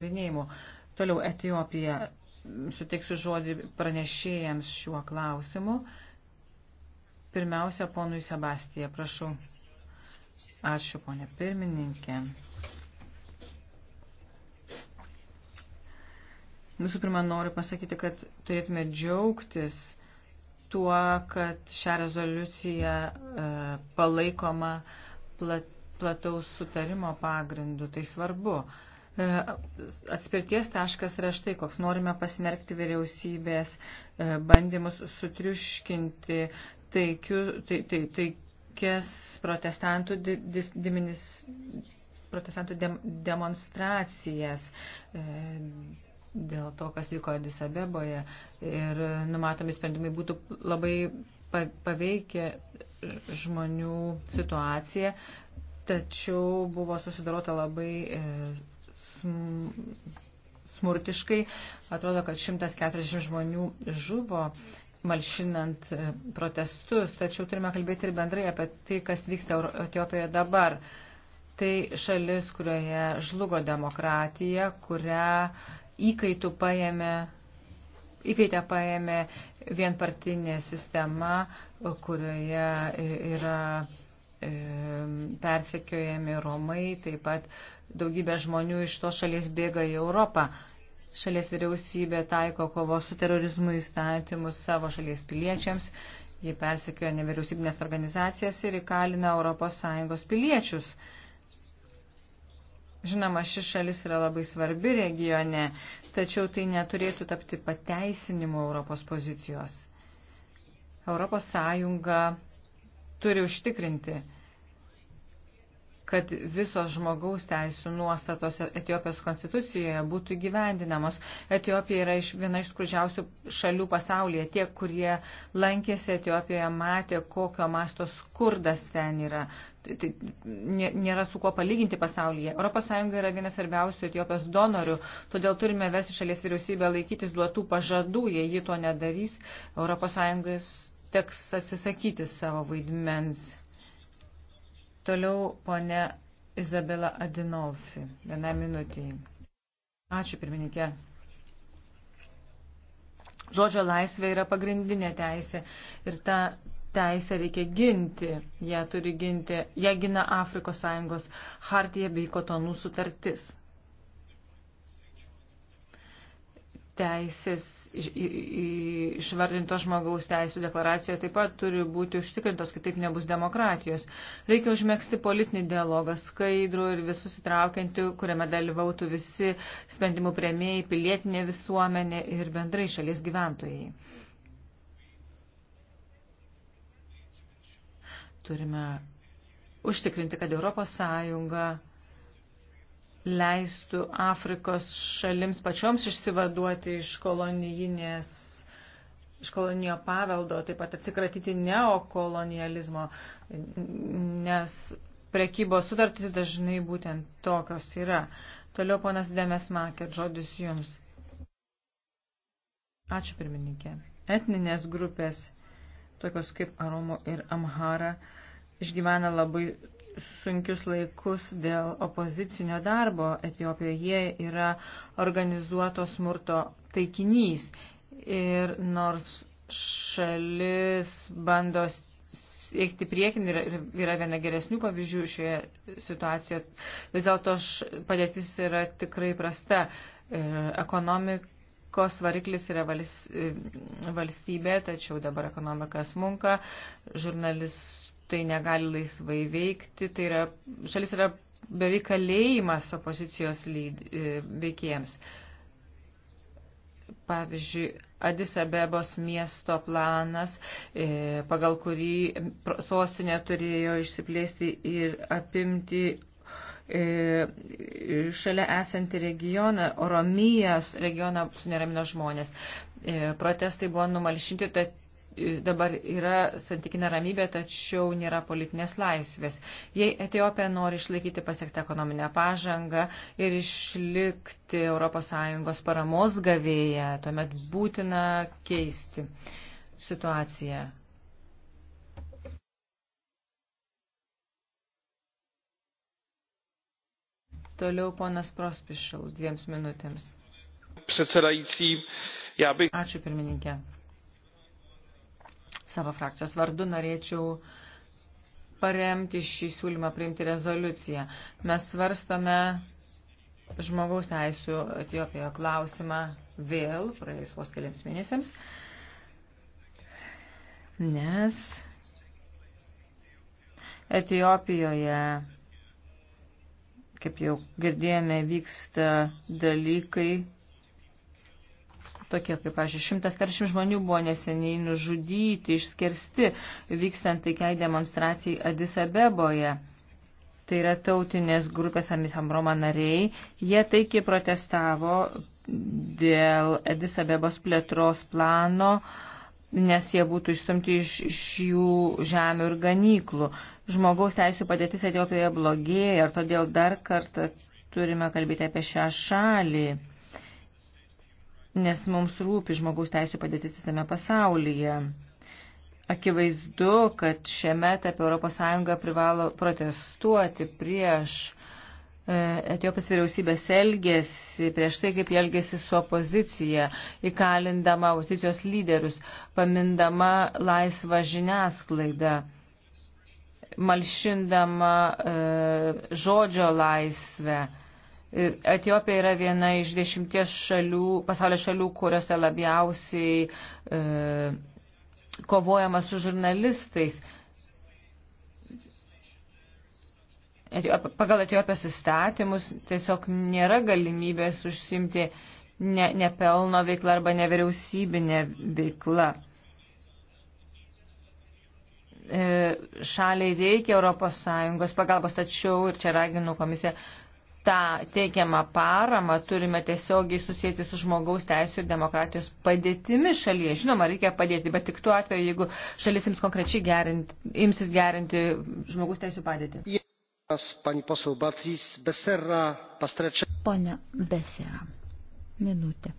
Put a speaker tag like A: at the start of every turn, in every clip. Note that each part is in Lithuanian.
A: nagrinėjimų. Toliau Etijopija suteiksiu žodį pranešėjams šiuo klausimu. Pirmiausia, ponui Sebastija, prašau. Ačiū, ponė pirmininkė. Visų pirma, noriu pasakyti, kad turėtume džiaugtis tuo, kad šią rezoliuciją e, palaikoma plat, plataus sutarimo pagrindu. Tai svarbu. E, E, atspirties taškas yra štai, koks norime pasmerkti vyriausybės e, bandymus sutriuškinti taikių, tai, tai, taikės protestantų, dis, diminis, protestantų dem, demonstracijas e, dėl to, kas vyko Adisabeboje. Ir numatomi sprendimai būtų labai paveikę žmonių situaciją, tačiau buvo susidarota labai smurtiškai. Atrodo, kad 140 žmonių žuvo malšinant e, protestus, tačiau turime kalbėti ir bendrai apie tai, kas vyksta Etiopijoje dabar. Tai šalis, kurioje žlugo demokratija, kurią įkaitų paėmė, įkaitę paėmė vienpartinė sistema, kurioje yra E, persekiojami Romai, taip pat daugybė žmonių iš to šalies bėga į Europą. Šalies vyriausybė taiko kovos su terorizmu įstatymus savo šalies piliečiams, ji persekioja nevyriausybinės organizacijas ir įkalina ES piliečius. Žinoma, ši šalis yra labai svarbi regione, tačiau tai neturėtų tapti pateisinimu Europos pozicijos. Europos Sąjunga turi užtikrinti kad visos žmogaus teisų nuostatos Etiopijos konstitucijoje būtų gyvendinamos. Etiopija yra iš, viena iš skurdžiausių šalių pasaulyje. Tie, kurie lankėsi Etiopijoje, matė, kokio masto skurdas ten yra. Tai, tai nėra su kuo palyginti pasaulyje. ES yra vienas svarbiausių Etiopijos donorių, todėl turime versi šalies vyriausybę laikytis duotų pažadų, jei ji to nedarys, ES teks atsisakyti savo vaidmens. Toliau ponia Izabela Adinolfi. Vieną minutį. Ačiū, pirmininkė. Žodžio laisvė yra pagrindinė teisė ir tą teisę reikia ginti. Ją turi ginti, ją gina Afrikos Sąjungos hartija bei kotonų sutartis. Teisės išvardintos žmogaus teisų deklaracijoje taip pat turi būti užtikrintos, kitaip nebus demokratijos. Reikia užmėgsti politinį dialogą, skaidrų ir visus įtraukiantį, kuriame dalyvautų visi sprendimų prieimėjai, pilietinė visuomenė ir bendrai šalies gyventojai. Turime užtikrinti, kad Europos Sąjunga leistų Afrikos šalims pačioms išsivaduoti iš kolonijinės iš kolonijo paveldo, taip pat atsikratyti neokolonializmo, nes prekybos sutartys dažnai būtent tokios yra. Toliau ponas Demes Makė, žodis jums. Ačiū pirmininkė. Etninės grupės, tokios kaip Aromo ir Amhara, išgyvena labai sunkius laikus dėl opozicinio darbo Etiopijoje. Jie yra organizuoto smurto taikinys. Ir nors šalis bando siekti priekin ir yra viena geresnių pavyzdžių šioje situacijoje, vis dėlto padėtis yra tikrai prasta. Ekonomika ekonomikos variklis yra e, valstybė, tačiau dabar ekonomika smunka, žurnalis, tai negali laisvai veikti, tai yra, šalis yra beveik kalėjimas opozicijos lyd, e, veikėjams. Pavyzdžiui, Adis Abebos miesto planas, e, pagal kurį sostinė turėjo išsiplėsti ir apimti e, šalia esantį regioną, Oromijos regioną suneramino žmonės. Protestai buvo numalšinti, tad dabar yra santykinė ramybė, tačiau nėra politinės laisvės. Jei Etiopija nori išlaikyti pasiektą ekonominę pažangą ir išlikti ES paramos gavėją, tuomet būtina keisti situaciją. Toliau ponas Prospišaus dviems minutėms. Ačiū pirmininkė. Savo frakcijos vardu norėčiau paremti šį siūlymą priimti rezoliuciją. Mes svarstame žmogaus teisų Etijopijoje klausimą vėl, praėjus vos keliams mėnesiams, nes Etijopijoje, kaip jau girdėjome, vyksta dalykai, tokie kaip, pažiūrėjau, 140 žmonių buvo neseniai nužudyti, išskirsti, vykstant taikiai demonstracijai Adis Abeboje. Tai yra tautinės grupės Amitamroma nariai. Jie taikiai protestavo dėl Adis Abebos plėtros plano, nes jie būtų išstumti iš, iš jų žemių ir ganyklų. Žmogaus teisų padėtis Etiopijoje blogėja ir todėl dar kartą turime kalbėti apie šią šalį nes mums rūpi žmogaus teisų padėtis visame pasaulyje. Akivaizdu, kad šiame etape ES privalo protestuoti prieš e, Etiopijos vyriausybės elgėsi prieš tai, kaip elgėsi su opozicija, įkalindama opozicijos lyderius, pamindama laisvą žiniasklaidą, malšindama e, žodžio laisvę. E, Etiopija yra viena iš dešimties šalių, pasaulio šalių, kuriuose labiausiai e, kovojama su žurnalistais. Etiop, pagal Etiopijos įstatymus tiesiog nėra galimybės užsimti ne, nepelno veiklą arba nevyriausybinę veiklą. E, šaliai reikia ES pagalbos, tačiau ir čia raginu komisiją tą teikiamą paramą turime tiesiogiai susijęti su žmogaus teisų ir demokratijos padėtimi šalyje. Žinoma, reikia padėti, bet tik tuo atveju, jeigu šalis ims konkrečiai gerint, imsis gerinti žmogaus teisų padėtį.
B: Pone Besera,
C: minutė.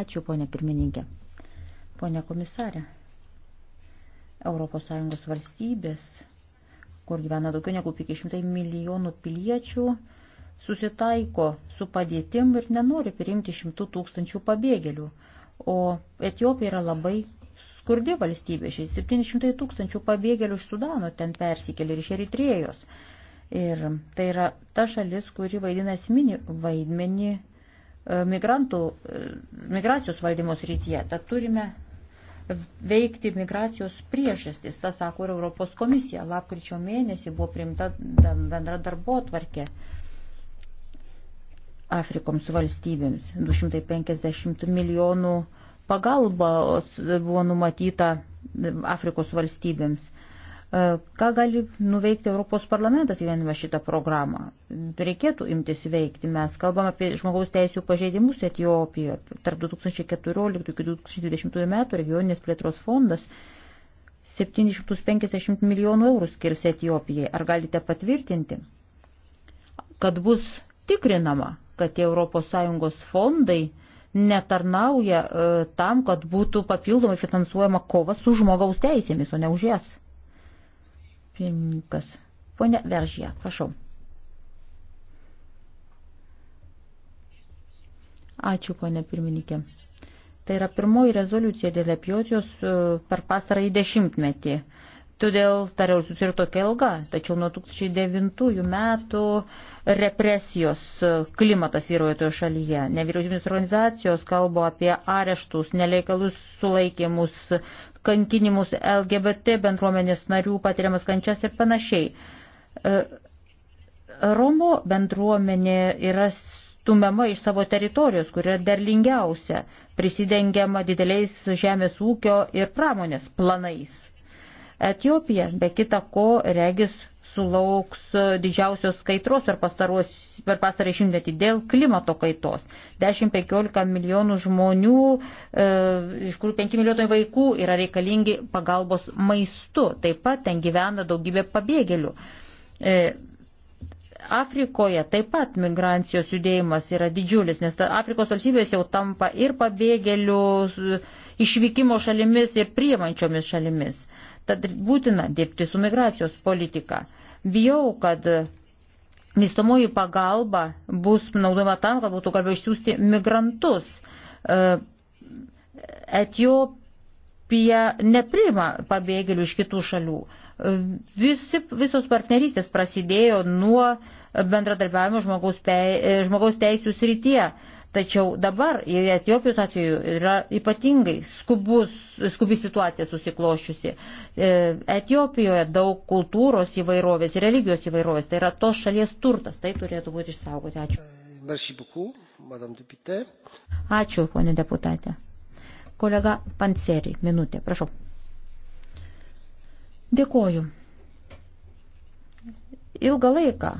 C: Ačiū, ponė pirmininkė. Pone komisarė, ES valstybės, kur gyvena daugiau negu 500 milijonų piliečių, susitaiko su padėtim ir nenori priimti šimtų tūkstančių pabėgėlių. O Etijopija yra labai skurdi valstybė, 700 tūkstančių pabėgėlių iš Sudano ten persikėlė ir iš Eritrėjos. Ir tai yra ta šalis, kuri vaidina esminį vaidmenį e, migrantų, e, migracijos valdymos rytyje. Tad turime veikti migracijos priežastis. Ta sako ir Europos komisija. Lapkričio mėnesį buvo priimta bendra darbo tvarkė Afrikoms valstybėms. 250 milijonų pagalbos buvo numatyta Afrikos valstybėms. E, ką gali nuveikti Europos parlamentas įvenimą šitą programą? Reikėtų imtis veikti. Mes kalbam apie žmogaus teisų pažeidimus Etijopijoje. Tarp 2014-2020 metų regioninės plėtros fondas 750 milijonų eurų skirs Etijopijai. Ar galite patvirtinti, kad bus tikrinama, kad tie ES fondai netarnauja e, tam, kad būtų papildomai finansuojama kova su žmogaus teisėmis, o ne už jas. Pirmininkas. Pone Veržyje, prašau. Ačiū, ponė pirmininkė. Tai yra pirmoji rezoliucija dėl Etiopijos e, per pastarąjį dešimtmetį. Todėl tariausius ir tokia ilga, tačiau nuo 2009 metų represijos klimatas vyrojo toje šalyje. Nevyriausybinės organizacijos kalba apie areštus, neleikalus sulaikymus, kankinimus LGBT bendruomenės narių patiriamas kančias ir panašiai. E, Romo bendruomenė yra stumiama iš savo teritorijos, kur yra derlingiausia, prisidengiama dideliais žemės ūkio ir pramonės planais Etiopija, be kita ko, regis sulauks didžiausios kaitros per, pastaros, per pastarą šimtmetį dėl klimato kaitos. 10-15 milijonų žmonių, e, iš kurių 5 milijonai vaikų yra reikalingi pagalbos maistu. Taip pat ten gyvena daugybė pabėgėlių. E, Afrikoje taip pat migracijos judėjimas yra didžiulis, nes Afrikos valstybės jau tampa ir pabėgėlių e, išvykimo šalimis, ir priemančiomis šalimis. E, Tad būtina dirbti su migracijos politika. Bijau, kad vystomoji pagalba bus naudojama tam, kad būtų galima išsiųsti migrantus. E, Etijopija neprima pabėgėlių iš kitų šalių. E, visi, visos partnerystės prasidėjo nuo bendradarbiavimo žmogaus, e, žmogaus teisų srityje Tačiau dabar ir Etiopijos atveju yra ypatingai skubus, skubi situacija susikloščiusi. E, Etijopijoje daug kultūros įvairovės ir religijos įvairovės. Tai yra tos šalies turtas. Tai turėtų būti išsaugoti.
B: Ačiū.
C: Ačiū, ponė deputatė. Kolega Panseri, minutė, prašau. Dėkoju. Ilgą laiką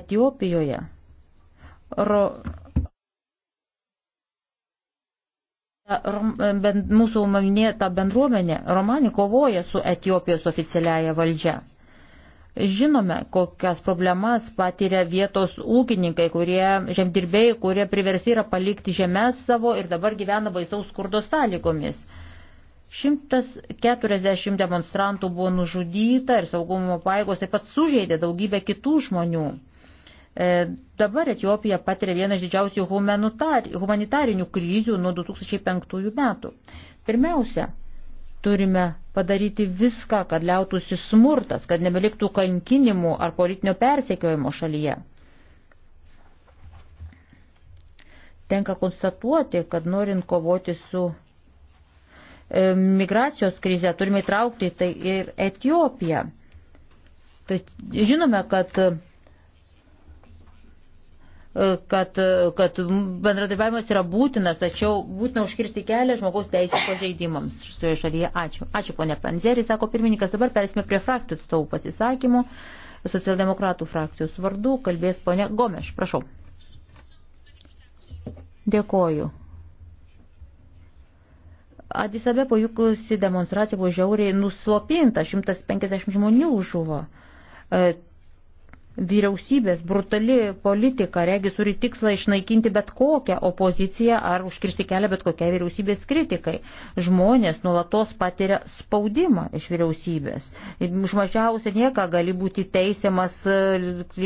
C: Etijopijoje ro, Mūsų minėta bendruomenė Romanį kovoja su Etijopijos oficialiaja valdžia. Žinome, kokias problemas patiria vietos ūkininkai, kurie žemdirbėjai, kurie priversi yra palikti žemės savo ir dabar gyvena baisaus skurdo sąlygomis. 140 demonstrantų buvo nužudyta ir saugumo paėgos taip pat sužeidė daugybę kitų žmonių. E, dabar Etiopija patiria vieną iš didžiausių humanitarinių krizių nuo 2005 metų. Pirmiausia, turime padaryti viską, kad liautųsi smurtas, kad nebeliktų kankinimų ar politinio persekiojimo šalyje. Tenka konstatuoti, kad norint kovoti su e, migracijos krize turime įtraukti tai ir Etiopiją. Tai žinome, kad kad, kad bendradarbiavimas yra būtinas, tačiau būtina užkirsti kelią žmogaus teisų pažeidimams šioje šalyje. Ačiū. Ačiū, ponė Panzerį, sako pirmininkas. Dabar persime prie frakcijų atstovų pasisakymų. Socialdemokratų frakcijos vardu kalbės ponė Gomeš. Prašau. Dėkoju. Adisabė pajukusi demonstracija buvo žiauriai nuslopinta, 150 žmonių žuvo. E, vyriausybės brutali politika, regi, turi tikslą išnaikinti bet kokią opoziciją ar užkirsti kelią bet kokiai vyriausybės kritikai. Žmonės nuolatos patiria spaudimą iš vyriausybės. Už mažiausią nieką gali būti teisiamas e,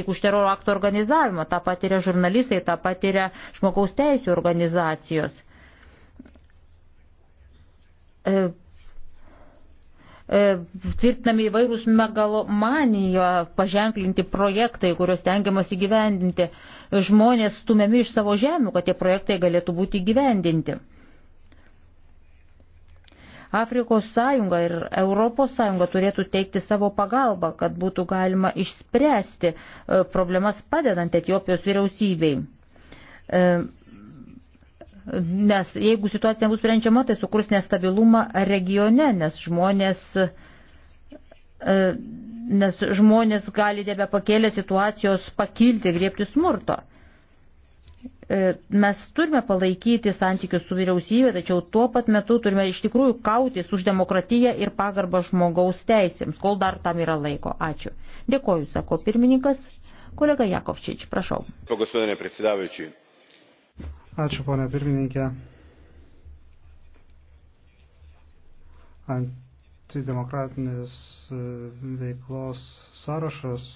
C: už teroro akto organizavimą. Ta patiria žurnalistai, ta patiria žmogaus teisų organizacijos. E, E, tvirtinami įvairūs megalomanijo paženklinti projektai, kuriuos tengiamas įgyvendinti. Žmonės stumiami iš savo žemių, kad tie projektai galėtų būti įgyvendinti. Afrikos sąjunga ir Europos sąjunga turėtų teikti savo pagalbą, kad būtų galima išspręsti e, problemas padedant Etiopijos vyriausybei. E, nes jeigu situacija nebus sprendžiama, tai sukurs nestabilumą regione, nes žmonės, e, nes žmonės gali debę pakėlę situacijos pakilti, griebti smurto. E, mes turime palaikyti santykius su vyriausybė, tačiau tuo pat metu turime iš tikrųjų kautis už demokratiją ir pagarbą žmogaus teisėms, kol dar tam yra laiko. Ačiū. Dėkoju, sako pirmininkas.
B: Kolega Jakovčič, prašau. To, gospodine predsjedavajući, Ačiū, ponia pirmininkė. Antidemokratinės e, veiklos sąrašas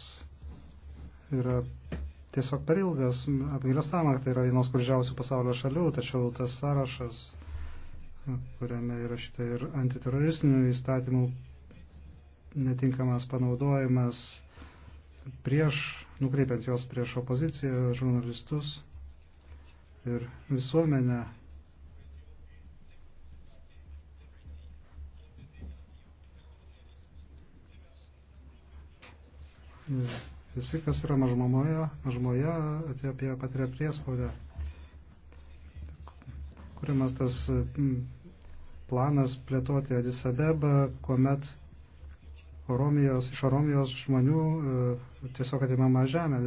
B: yra tiesiog per ilgas. Atgailestavimą, tai yra vienos skurdžiausių pasaulio šalių, tačiau tas sąrašas, kuriame yra šitą ir antiteroristinių įstatymų netinkamas panaudojimas prieš, nukreipiant jos prieš opoziciją, žurnalistus ir visuomenę. Visi, kas yra mažumoje, mažumoje apie patiria priespaudę, kuriamas tas planas plėtoti Adisabebą, kuomet Romijos, iš Romijos žmonių e, tiesiog atimama žemė.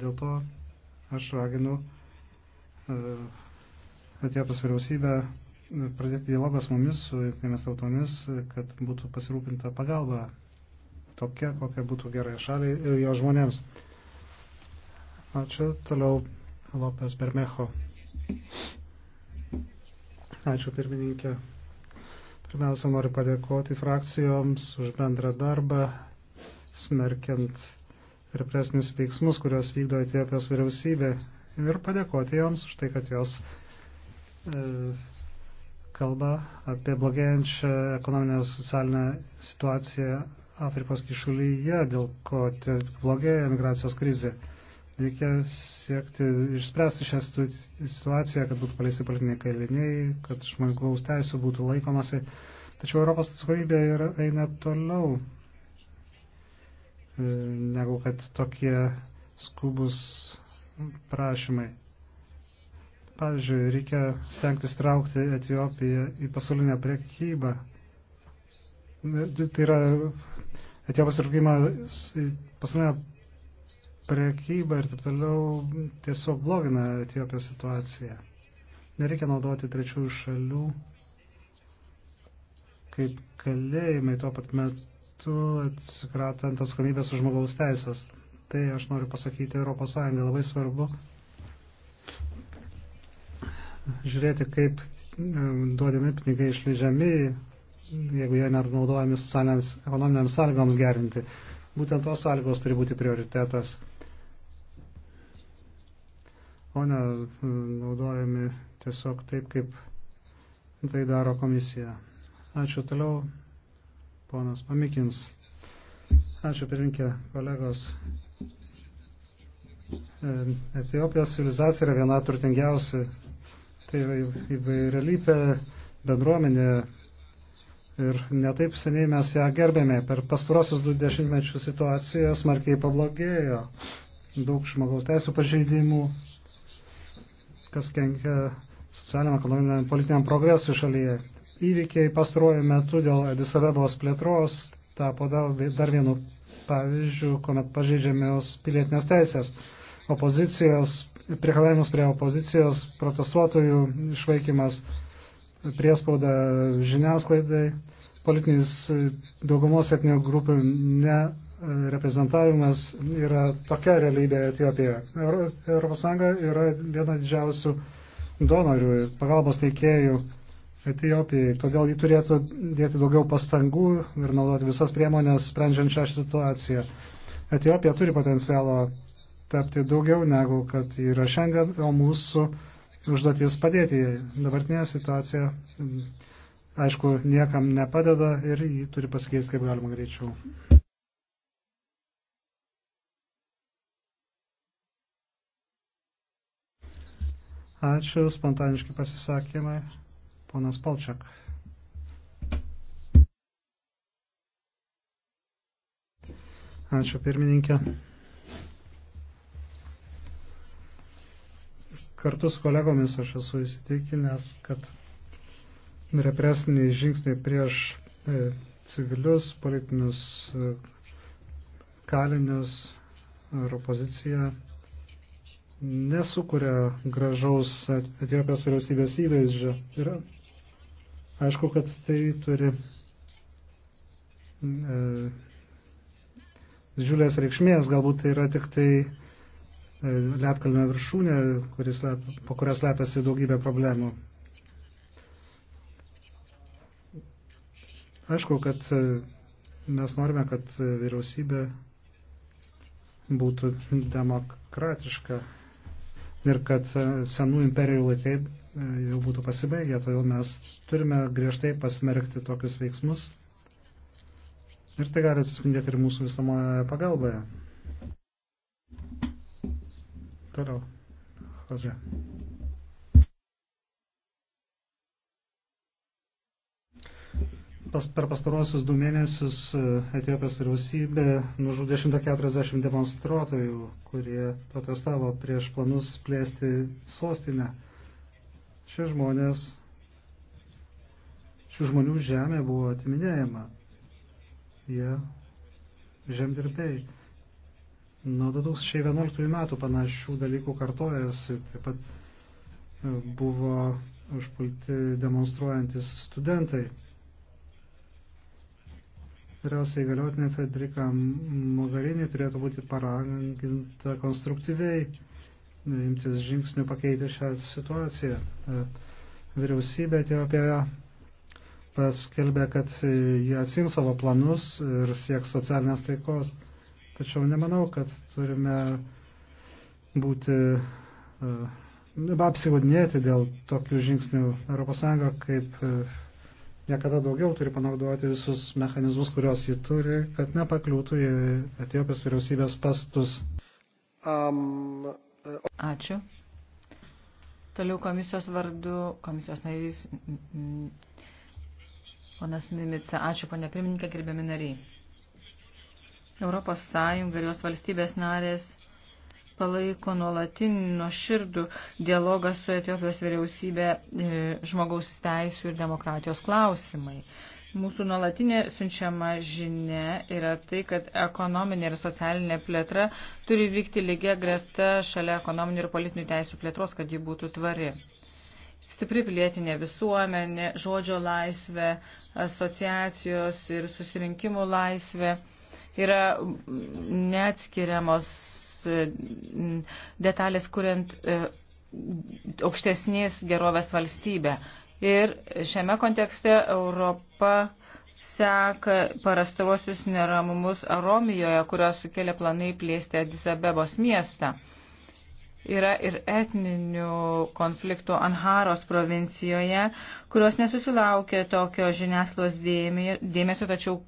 B: Dėl to aš raginu E, atėjo pas vyriausybę e, pradėti dialogą su mumis, su jungtinėmis tautomis, e, kad būtų pasirūpinta pagalba tokia, kokia būtų gerai šaliai ir jo žmonėms. Ačiū. Toliau Lopes Bermejo. Ačiū pirmininkė. Pirmiausia, noriu padėkoti frakcijoms už bendrą darbą, smerkiant represinius veiksmus, kuriuos vykdo Etiopijos vyriausybė ir padėkoti joms už tai, kad jos e, kalba apie blogėjančią ekonominę socialinę situaciją Afrikos kišulyje, dėl ko blogėja migracijos krizė. Reikia siekti išspręsti šią situaciją, kad būtų paleisti politiniai kaliniai, kad žmogaus teisų būtų laikomasi. Tačiau Europos atskovybė eina toliau e, negu kad tokie skubus prašymai. Pavyzdžiui, reikia stengtis traukti Etiopiją į pasaulinę prekybą. Tai yra Etiopijos rūkimas į pasaulinę prekybą ir taip toliau tiesiog blogina Etiopijos situaciją. Nereikia naudoti trečiųjų šalių kaip kalėjimai tuo pat metu atsikratant atsakomybės už žmogaus teisės. Tai aš noriu pasakyti Europos Sąjungai. Labai svarbu žiūrėti, kaip duodami pinigai išleidžiami, jeigu jie nėra naudojami socialiniams ekonominiams sąlygoms gerinti. Būtent tos sąlygos turi būti prioritetas, o ne naudojami tiesiog taip, kaip tai daro komisija. Ačiū toliau, ponas Pamikins. Ačiū pirminkė, kolegos. E, Etiopijos civilizacija yra viena turtingiausių. Tai yra įvairialypė bendruomenė ir netaip seniai mes ją gerbėme. Per pastarosius du dešimtmečių situacija smarkiai pablogėjo. Daug žmogaus teisų pažeidimų, kas kenkia socialiniam, ekonominiam, politiniam progresui šalyje. Įvykiai pastaruoju metu dėl Adisabebos plėtros tapo dar vienu pavyzdžių, kuomet pažeidžiamios pilietinės teisės. Opozicijos, priekalavimas prie opozicijos, protestuotojų išvaikimas, priespauda žiniasklaidai, politinis daugumos etninių grupių nereprezentavimas yra tokia realybė Etijopijoje. ES yra viena didžiausių donorių, pagalbos teikėjų Etijopijai. Todėl ji turėtų dėti daugiau pastangų ir naudoti visas priemonės sprendžiant šią situaciją. Etijopija turi potencialo tapti daugiau negu kad yra šiandien, o mūsų užduotis padėti jai. Dabartinė situacija, mm, aišku, niekam nepadeda ir jį turi pasikeisti kaip galima greičiau. Ačiū, spontaniški pasisakymai. Ponas Palčiak. Ačiū pirmininkė. Kartu su kolegomis aš esu įsitikinęs, kad represiniai žingsniai prieš e, civilius, politinius e, kalinius ar opoziciją nesukuria gražaus Etiopijos vyriausybės įvaizdžio. Ir Aišku, kad tai turi e, didžiulės reikšmės, galbūt tai yra tik tai e, lietkalnio viršūnė, kuris, po kurias slepiasi daugybė problemų. Aišku, kad e, mes norime, kad e, vyriausybė būtų demokratiška ir kad e, senų imperijų laikai jau būtų pasibaigę, todėl mes turime griežtai pasmerkti tokius veiksmus ir tai gali atsispindėti ir mūsų visamoje pagalboje. Toliau. Jose. Pas, per pastaruosius du mėnesius e, Etiopijos vyriausybė nužudė 140 demonstruotojų, kurie protestavo prieš planus plėsti sostinę. Šie žmonės, šių žmonių žemė buvo atiminėjama. Jie žemdirbiai. Nuo 2011 metų panašių dalykų kartojasi. Taip pat e, buvo užpulti demonstruojantis studentai. Vyriausiai galiotinė Federika Mogarinė turėtų būti paraginta konstruktyviai imtis žingsnių pakeiti šią situaciją. E, vyriausybė Etiopijoje paskelbė, kad jie atsims savo planus ir sieks socialinės taikos. Tačiau nemanau, kad turime būti e, apsivaudinėti dėl tokių žingsnių. ES kaip e, niekada daugiau turi panaudoti visus mechanizmus, kuriuos ji turi, kad nepakliūtų į Etiopijos vyriausybės pastus. Um, Ačiū.
A: Toliau komisijos vardu, komisijos narys, ponas Mimica. Ačiū, ponė pirmininkė, gerbiami nariai. Europos Sąjunga ir jos valstybės narės palaiko nuolatinį nuoširdų dialogą su Etiopijos vyriausybė e, žmogaus teisų ir demokratijos klausimai. Mūsų nuolatinė siunčiama žinia yra tai, kad ekonominė ir socialinė plėtra turi vykti lygia greta šalia ekonominių ir politinių teisų plėtros, kad ji būtų tvari. Stipri pilietinė visuomenė, žodžio laisvė, asociacijos ir susirinkimų laisvė yra neatskiriamos detalės, kuriant e, aukštesnės gerovės valstybę. Ir šiame kontekste Europa seka parastaruosius neramumus Aromijoje, kurios sukelia planai plėsti Adisabebos miestą. Yra ir etninių konfliktų Anharos provincijoje, kurios nesusilaukė tokio žiniasklaidos dėmesio, tačiau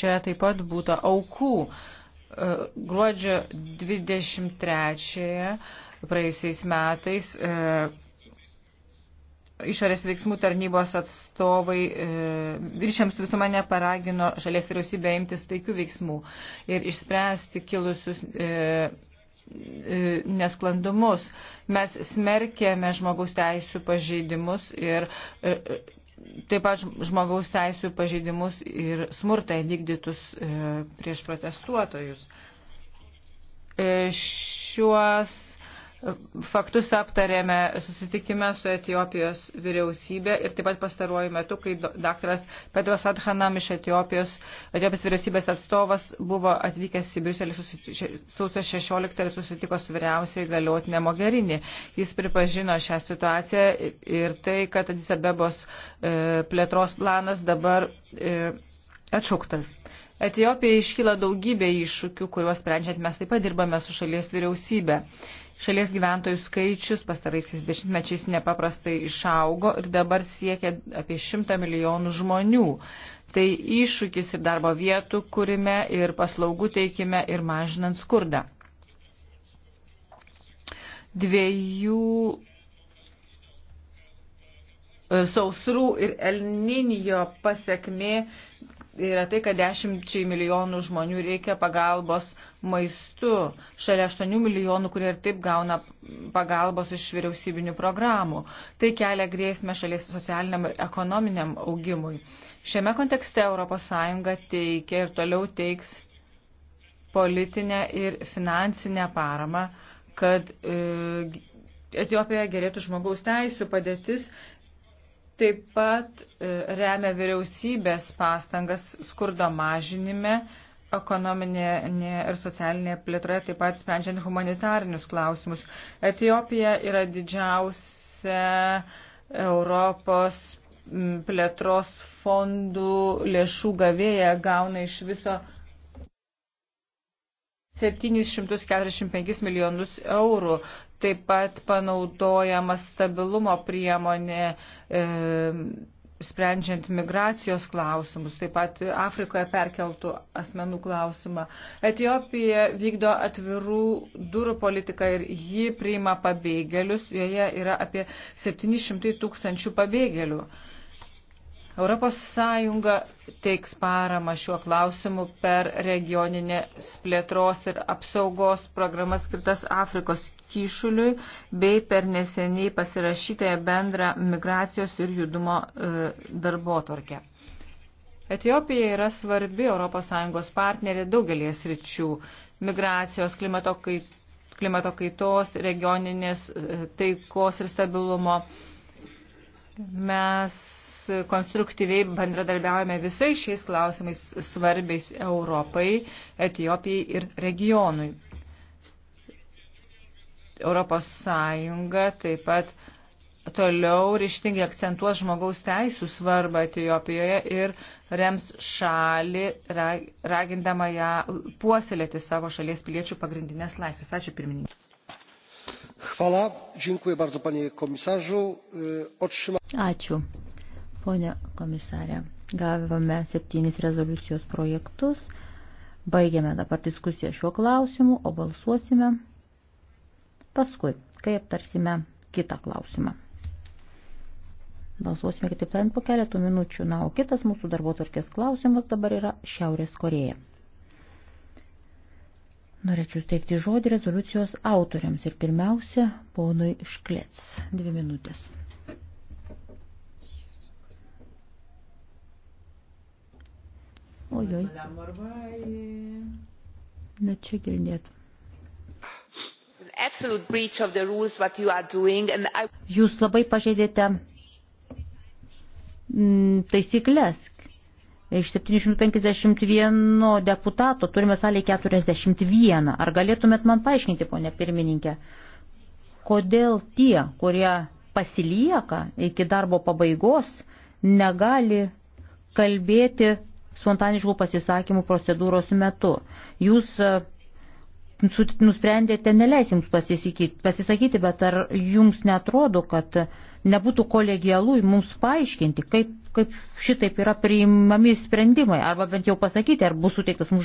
A: čia taip pat būta aukų. E, gruodžio 23 praėjusiais metais e, išorės veiksmų tarnybos atstovai e, ryšiams su visuomenė paragino šalies vyriausybę imtis taikių veiksmų ir išspręsti kilusius e, e nesklandumus. Mes smerkėme žmogaus teisų pažeidimus ir e, e taip pat žmogaus teisų pažeidimus ir smurtą vykdytus e, prieš protestuotojus. E, šiuos Faktus aptarėme susitikime su Etijopijos vyriausybė ir taip pat pastaruoju metu, kai daktaras Petros Adhanam iš Etijopijos, Etijopijos vyriausybės atstovas buvo atvykęs į Briuselį sausio 16 ir susitiko su vyriausiai galiotinė Mogherini. Jis pripažino šią situaciją ir tai, kad Adisabebos e, plėtros planas dabar e, atšauktas. Etijopija iškyla daugybė iššūkių, kuriuos sprendžiant mes taip pat dirbame su šalies vyriausybė. Šalies gyventojų skaičius pastaraisiais dešimtmečiais nepaprastai išaugo ir dabar siekia apie 100 milijonų žmonių. Tai iššūkis ir darbo vietų kūrime, ir paslaugų teikime, ir mažinant skurdą. Dviejų e, sausrų ir elninio pasiekmė yra tai, kad 10 milijonų žmonių reikia pagalbos maistu, šalia 8 milijonų, kurie ir taip gauna pagalbos iš vyriausybinių programų. Tai kelia grėsmę šalies socialiniam ir ekonominiam augimui. Šiame kontekste ES teikia ir toliau teiks politinę ir finansinę paramą, kad e, Etiopijoje gerėtų žmogaus teisų padėtis taip pat e, remia vyriausybės pastangas skurdo mažinime, ekonominėje ir socialinėje plėtroje, taip pat sprendžiant humanitarinius klausimus. Etijopija yra didžiausia Europos plėtros fondų lėšų gavėja, gauna iš viso 745 milijonus eurų taip pat panaudojama stabilumo priemonė. E, sprendžiant migracijos klausimus, taip pat Afrikoje perkeltų asmenų klausimą. Etijopija vykdo atvirų durų politiką ir ji priima pabėgėlius, joje yra apie 700 tūkstančių pabėgėlių. Europos Sąjunga teiks paramą šiuo klausimu per regioninės plėtros ir apsaugos programas skirtas Afrikos kyšuliui bei per neseniai pasirašytąją bendrą migracijos ir judumo e, darbo tvarkę. Etijopija yra svarbi ES partnerė daugelį sričių - migracijos, klimato, kait, klimato kaitos, regioninės e, taikos ir stabilumo. Mes konstruktyviai bendradarbiaujame visais šiais klausimais svarbiais Europai, Etijopijai ir regionui. Europos Sąjunga taip pat toliau ryštingai akcentuos žmogaus teisų svarbą Etijopijoje ir rems šalį, ragindama ją puoselėti savo šalies piliečių pagrindinės laisvės. Ačiū pirmininkai.
B: Hvala, dziękuję bardzo panie komisarzu. Otrzyma...
C: Ačiū, ponia komisarė. Gavome septynis rezoliucijos projektus. Baigiame dabar diskusiją šiuo klausimu, o balsuosime paskui, kai aptarsime kitą klausimą. Balsuosime kitaip tariant po keletų minučių. Na, o kitas mūsų darbo tvarkės klausimas dabar yra Šiaurės Koreja. Norėčiau teikti žodį rezoliucijos autoriams ir pirmiausia, ponui Šklets. Dvi minutės. Ojoj. Na čia girdėtų. Jūs labai pažeidėte mm, taisyklės. Iš 751 deputato turime salėje 41. Ar galėtumėt man paaiškinti, ponė pirmininkė, kodėl tie, kurie pasilieka iki darbo pabaigos, negali kalbėti spontaniškų pasisakymų procedūros metu? Jūs nusprendėte neleisim pasisakyti, bet ar jums netrodo, kad nebūtų kolegialų mums paaiškinti, kaip, kaip šitaip yra priimami sprendimai, arba bent jau pasakyti, ar bus suteiktas mums